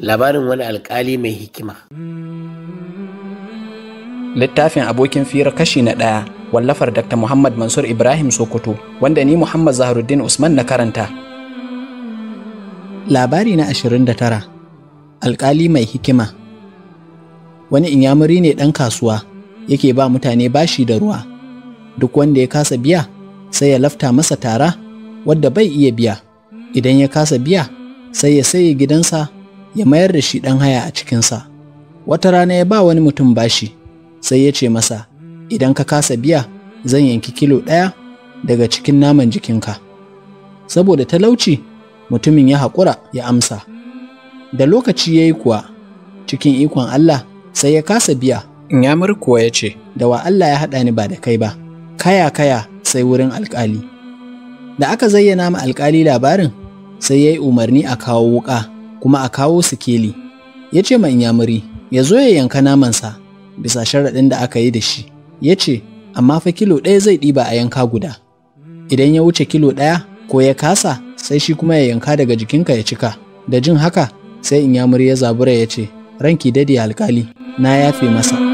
labarin wani alkali mai hikima littafin abokin fira kashi na ɗaya wallafar dr muhammad mansur ibrahim sokoto wanda ni muhammad zaharuddin usman na karanta labari na ashirin da tara, alkali mai hikima wani inyamuri ne ɗan kasuwa yake ba mutane bashi da ruwa duk wanda ya kasa biya sai ya lafta masa tara wadda bai iya biya idan ya kasa biya sai ya saye gidansa ya mayar da shi ɗan haya a cikinsa. Wata rana ya ba wani mutum bashi, sai ya ce masa, Idan ka kasa biya, zan yanki kilo ɗaya daga cikin naman jikinka. Saboda talauci, mutumin ya haƙura ya amsa. Da lokaci ya yi kuwa, cikin ikon Allah, sai ya kasa biya. In ya kuwa ya ce, Da wa Allah ya haɗa ni ba da kai ba, kaya kaya sai wurin alƙali. Da aka zayyana ma alƙali labarin, sai ya yi umarni a kawo wuƙa. kuma a kawo sikeli ya ce ma inyamuri ya zo ya yanka namansa bisa sharaɗin da aka yi da shi ya ce amma fa kilo ɗaya zai ɗiba a yanka guda idan ya wuce kilo ɗaya ko ya kasa sai shi kuma ya yanka daga jikinka ya cika da jin haka sai inyamuri ya zabura ya ce ranki dade alkali na yafe masa